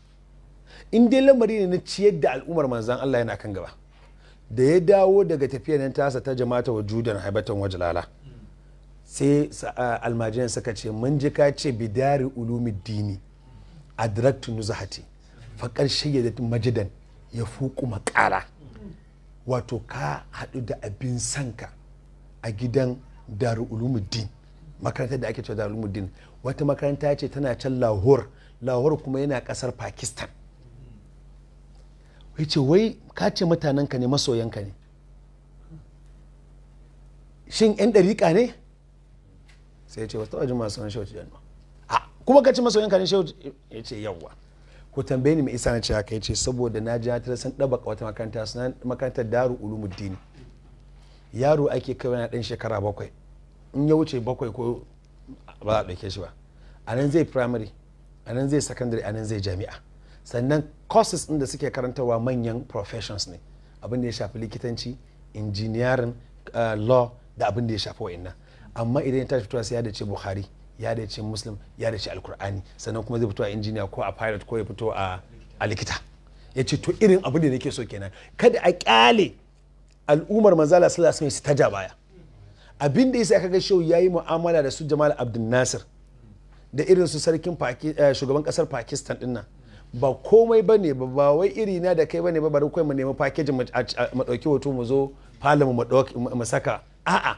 in dai lamari ne na ciyar da al'ummar manzan Allah yana kan gaba da ya dawo daga tafiyar nan tasa ta jama'ata wa judan haibatan wa sai almajiran suka ce mun ji ka ce bidari ulumiddini adraktu nuzahati ya shayyada majidan ya fuku makara wato ka haɗu da abin sanka a gidan daru ulumuddin makarantar da ake cewa daru ulumuddin wata makaranta ce tana can lahore lahore kuma yana kasar pakistan ya ce wai ka ce mutanenka ne masoyanka ne shin 'yan ɗariƙa ne sai ya ce wasu tawajin masu wani shawarci tijjani a ah, kuma ka ce masoyanka ne shawarci ya ce yawwa ku tambaye ni mai isa na ce haka ya ce saboda na ji ta san ɗabaka wata makaranta suna makarantar daru muddini. yaro ake kawai na ɗan shekara bakwai in ya wuce bakwai ko ba za a ɗauke shi ba a nan zai primary a nan zai secondary a nan zai jami'a sannan courses ɗin da suke karantarwa manyan professions ne abin da ya shafi likitanci injiniyarin eh, law da abin da ya shafi nan amma idan ya tashi fitowa sai ya dace bukhari ya dace muslim ya dace alkur'ani sannan kuma zai fito a injiniya ko a pilot ko ya fito a likita ya ce to irin abin da nake so kenan kada a kyale al'ummar manzala sallallahu alaihi wasallam su ta ja baya abin da yasa ga shehu yayi mu'amala da su Jamal Abdul Nasir da irin su sarkin eh, shugaban kasar Pakistan din ba komai bane ba ba wai iri na da kai bane ba bari kai mu nemi package mu dauki hoto mu zo falamu mu saka a'a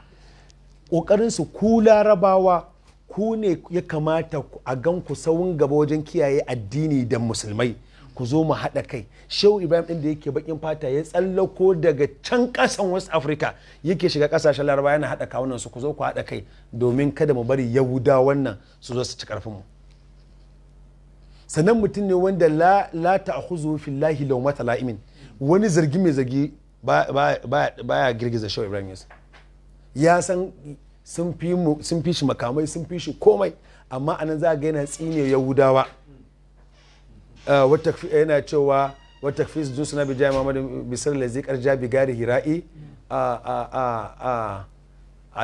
kokarin su ku larabawa ku ne ya kamata a gan ku sawun gaba wajen kiyaye addini da musulmai ku zo mu haɗa kai shehu ibrahim ɗin da yake bakin fata ya tsallako daga can ƙasan west africa yake shiga ƙasashen laraba yana haɗa kawunan su ku zo ku haɗa kai domin kada mu bari yahuda wannan su zo su ci ƙarfin mu sannan mutum ne wanda la la ta'khuzu fillahi law mata la'imin wani zargi mai zargi baya girgiza shehu ibrahim yasa ya san sun fi shi makamai sun fi shi komai amma anan za ga yana tsine yahudawa Eh, yana cewa wata fiz jun suna bijaya muhammadu bisar lazikar jabi gari hira'i a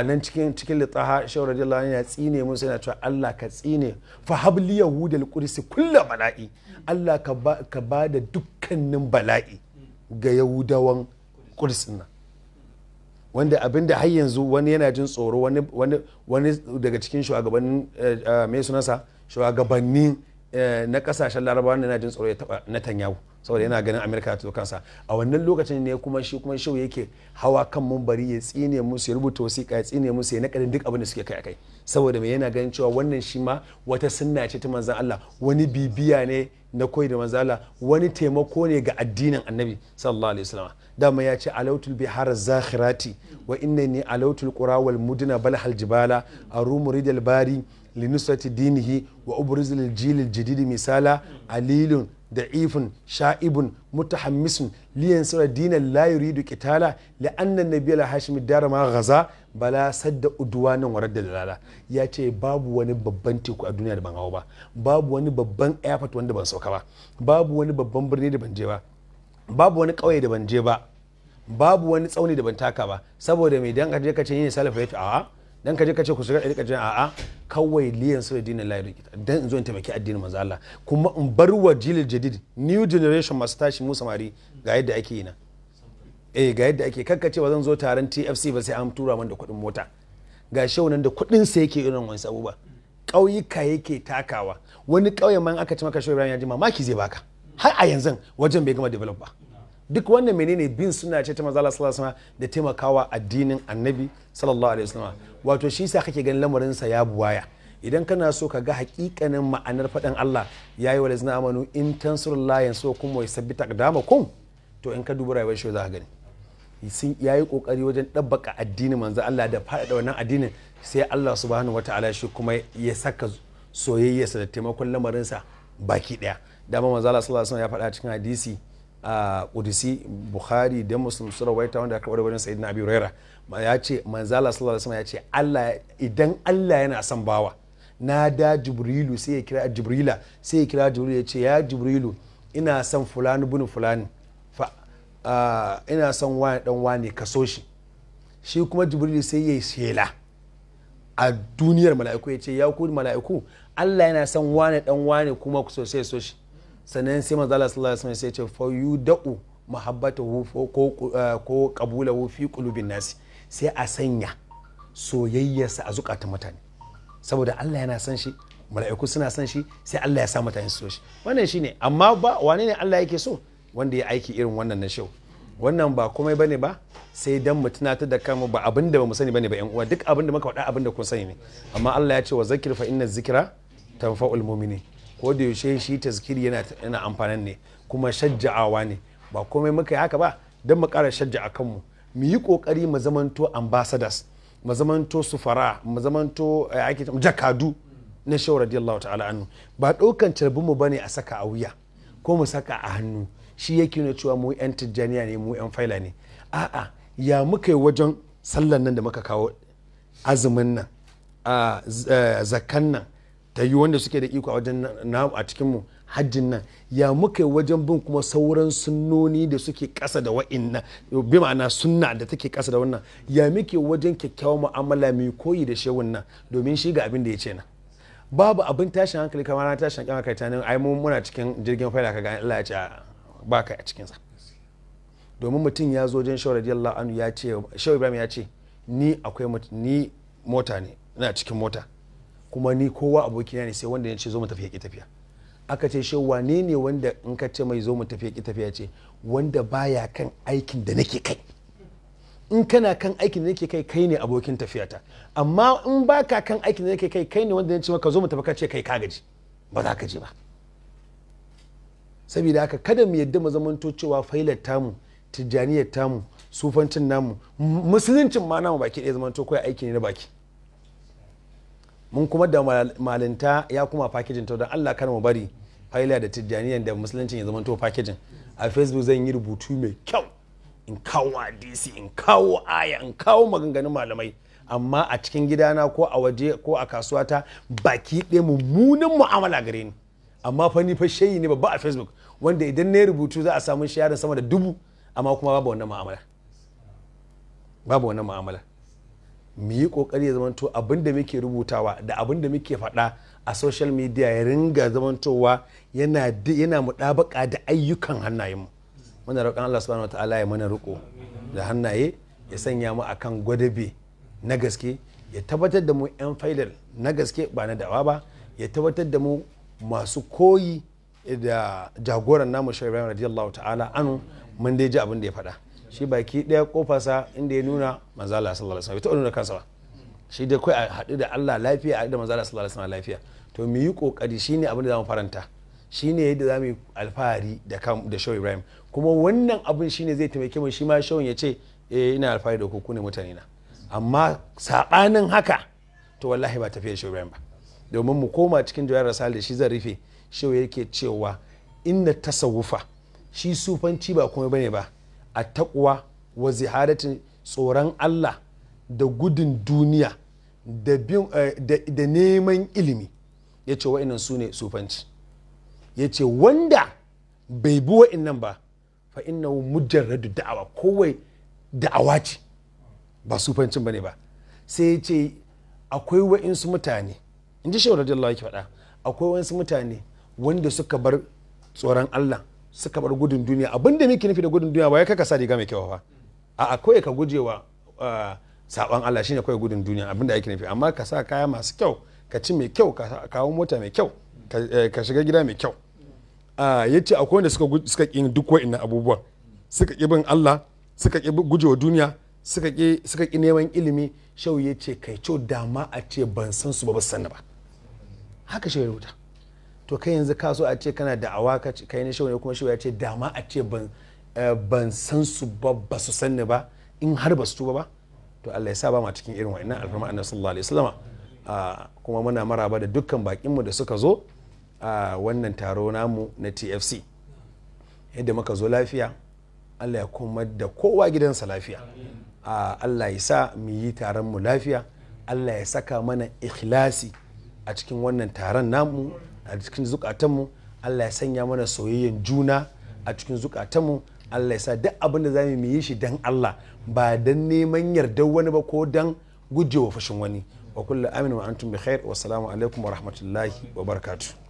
nan cikin cikin litaha shawar radiyallahu anhu ya tsine musu yana cewa Allah ka tsine fa habli yahudal qudsi kulla bala'i Allah ka ba da dukkanin bala'i ga yahudawan qudsin nan wanda abinda har yanzu wani yana jin tsoro wani daga cikin shugabannin eh, eh, mai sunansa shugabannin Eh, na kasashen larabawa na jin tsoro ya taba Netanyahu saboda yana ganin Amerika ta kansa a wannan lokacin ne kuma shi kuma shau yake hawa kan mumbari ya tsine musu ya rubuta wasiƙa ya tsine musu ya nakarin duk abin da suke kai kai saboda me yana ganin cewa wannan shi ma wata sunna ce ta manzan Allah wani bibiya ne na koyi da manzan Allah wani taimako ne ga addinin Annabi sallallahu alaihi wasallam dama ya ce alautul bihar zakhirati wa innani alautul qura wal mudina bal haljibala jibala bari linusati dinihi wa ubrizil jilil jadidi misala alilun da'ifun sha'ibun mutahammisun liyan sura dinan la yuridu qitala li anna an-nabiy al-hashimi darama gaza. bala sadda udwanan warar da dalala ya ce babu wani babban teku a duniya da ban hau ba babu wani babban airport wanda ban sauka ba babu wani babban birni da ban je ba babu wani kauye da ban je ba babu wani tsauni da ban taka ba saboda mai dan ka je ka ce yin salafa yafi a'a dan ka je ka ce ku shiga ɗariƙa a a kawai liyan su addinin lahi dan in zo in taimaki addinin manzo Allah kuma in bar wa jilil jadid new generation masu tashi mu samari ga yadda ake yi na eh ga yadda ake kakka cewa zan zo taron TFC ba sai an tura man da kuɗin mota ga shau nan da kuɗin sa yake irin wani ba ƙauyuka yake takawa wani ƙauyen man aka ci maka shau ya ji mamaki zai baka har a yanzu wajen bai gama develop ba duk wannan menene bin suna ce ta manzo sallallahu alaihi wasallam da taimakawa addinin annabi sallallahu alaihi wasallam wato shi sa kake ganin lamarin sa ya buwaya idan kana so ka ga hakikanin ma'anar faɗin Allah yayi wa lazina amanu in tansurullahi kun mai sabbita aqdamakum to in ka dubi rayuwar shi za ka gani sun yayi kokari wajen dabbaka addinin manzo Allah da da wannan addinin sai Allah subhanahu wataala shi kuma ya saka soyayyarsa da taimakon sa baki daya dama manzo Allah sallallahu alaihi wasallam ya faɗa cikin hadisi a uh, kudisi bukhari da muslim su rawaita wanda aka wadda wajen sayyidina abi Raira ya ce manzala sallallahu alaihi wasallam ya ce Allah idan Allah yana son bawa na da jibrilu sai ya kira jibrila sai ya kira jibrilu ya ce ya jibrilu ina son fulani bin fulani fa uh, ina son wani dan wani kaso shi shi kuma jibrilu sai ya shela a duniyar mala'iku ya ce ya ku mala'iku Allah yana son wani dan wani kuma ku so sai so shi sannan sai maza Allah sallallahu alaihi wasallam sai ya ce fa da'u mahabbatahu ko eh, ko qabulahu fi qulubin nas sai a sanya soyayyarsa a zukatan mutane saboda Allah yana son shi mala'iku suna san shi sai Allah ya sa mutane su so shi wannan shine amma ba wane ne Allah yake so wanda ya aiki irin wannan na shau wannan ba komai bane ba sai dan mu tunatar da kanmu ba abin da bamu sani bane ba yan uwa duk abin da muka faɗa abin kun sani ne amma Allah ya ce wa zakir fa inna zikra tanfa'ul mu'minin ko da yaushe shi tazkiri yana yana amfanin ne kuma shajja'awa ne ba komai muka yi haka ba don mu ƙara shajja'a kanmu mu yi ƙoƙari mu zamanto ambassadors mu zamanto sufara mu zamanto eh, jakadu na shehu radiyallahu ta'ala ba ɗaukan carbin mu ne a saka a wuya ko mu saka a hannu shi yake nuna cewa mu yan tijjaniya ne mu yan faila ne a'a ya muka yi wajen sallan nan da muka kawo azumin nan a eh, zakkan nan ta yi wanda suke da iko a wajen a cikinmu hajjin nan ya muka wajen bin kuma sauran sunnoni da suke kasa da wa'inna bi ma'ana sunna da take kasa da wannan ya muke wajen kyakkyawan mu'amala mai koyi da shehun nan domin shi ga abin da ya ce na babu abin tashin hankali kamar na tashin kama kai tanin ai mun muna cikin jirgin ka kaga Allah ya ce ba kai a cikin sa domin mutum ya zo wajen shawar radiyallahu anhu ya ce shawar Ibrahim ya ce ni akwai ni mota ne ina cikin mota kuma ni kowa abokina ne sai wanda ya ce zo mu tafiya ki tafiya aka ce shi wane ne wanda in ka ce mai zo mu tafiya ki tafiya ce wanda baya kan aikin da nake kai in kana kan aikin da nake kai kai ne abokin tafiyata amma in baka kan aikin da nake kai kai ne wanda ya ce maka zo mu tafi ka ce kai ka gaji ba za ka je ba saboda haka kada mu yadda mu zamanto cewa failar tamu tijjaniyar tamu sufancin namu musuluncin ma namu baki ɗaya zamanto kawai aiki ne na baki mun kuma da malinta ya kuma fakijin to don allah kar mu bari faila da tijjaniyar da musulunci ya zamanto fakijin a facebook zan yi rubutu mai kyau in kawo hadisi in kawo aya in kawo maganganun malamai amma a cikin gidana ko a waje ko a kasuwata baki ɗaya mummunan mu'amala gare ni amma fa ni fa shayi ne babba a facebook wanda idan na rubutu za a samu shayarin sama da dubu amma kuma babu wannan mu'amala babu wannan mu'amala mu yi kokari ya zamanto abin da muke rubutawa da abinda muke faɗa a social media ya ringa zamantowa yana mu mudabaka da ayyukan hannayenmu muna roƙon Allah subhanahu wataala ya mana riko da hannaye ya sanya mu akan gwadabe na gaske ya tabbatar da mu yan faidar na gaske ba na dawa ba ya tabbatar da mu masu koyi da jagoran namu shaibayan radiyallahu ta'ala anu mun dai ji abin da ya faɗa shi baki ɗaya kofarsa inda ya nuna manzala sallallahu alaihi wasallam to nuna kansa shi da kai a haɗu da Allah lafiya a haɗu da sallallahu alaihi lafiya to mu yi kokari shine abin da zamu faranta shine yadda zamu alfahari da kan da Shaw Ibrahim kuma wannan abin shine zai taimake mu shi ma Shaw ya ce eh ina alfahari da ku ne mutane na amma sabanin haka to wallahi ba tafiya Shaw Ibrahim ba domin mu koma cikin jawar da shi zan rufe Shehu yake cewa inna tasawufa shi sufanci ba kuma bane ba a taƙwa wa ziharatin tsoron Allah da gudun duniya da eh, neman ilimi ya ce wa'inan su ne sufanci ya ce wanda bai bi wa'innan ba fa inna mujarradu da'awa kowai da'awa ce ba sufancin ba ne ba sai ya ce akwai wa'insu mutane in ji radiyallahu faɗa akwai wa'insu mutane wanda suka bar tsoron Allah suka bar gudun duniya abin da muke nufi da gudun duniya ba ya ka sa riga mai kyau ba a kawai ka guje wa uh, sabon Allah shine kawai gudun duniya abin da ake nufi amma ka sa kaya masu kyau ka ci mai kyau ka kawo mota mai kyau ka eh, shiga gida mai kyau ah, ya ce akwai wanda suka ƙi duk wa'innan abubuwan suka ki bin Allah suka guje gujewa duniya suka ki neman ilimi shau ya ce kai co dama a ce ban san su ba ba san ba haka shi ya rubuta to kai yanzu ka so a ce kana da awa ka kai na shehu kuma shehu ya ce dama a ce eh, ban san su ba ba su san ni ba in har ba su tuba ba to Allah ya sa ba ma cikin irin wa'annan alfarma annabi sallallahu alaihi wasallam ah, kuma muna maraba da dukkan bakinmu da suka zo a ah, wannan taro namu na TFC yadda muka zo lafiya Allah ya kuma da kowa gidansa lafiya ah, Allah ya sa mu yi taron mu lafiya Allah ya saka mana ikhlasi a cikin wannan taron namu a cikin zukatanmu Allah ya sanya mana soyayyen juna a cikin zukatanmu Allah ya sa duk abin da zamu mu yi shi dan Allah ba dan neman yardar wani ba ko dan gujewa fashin wani wa kullu aminu wa antum bi khair wa assalamu alaikum wa rahmatullahi wa barakatuh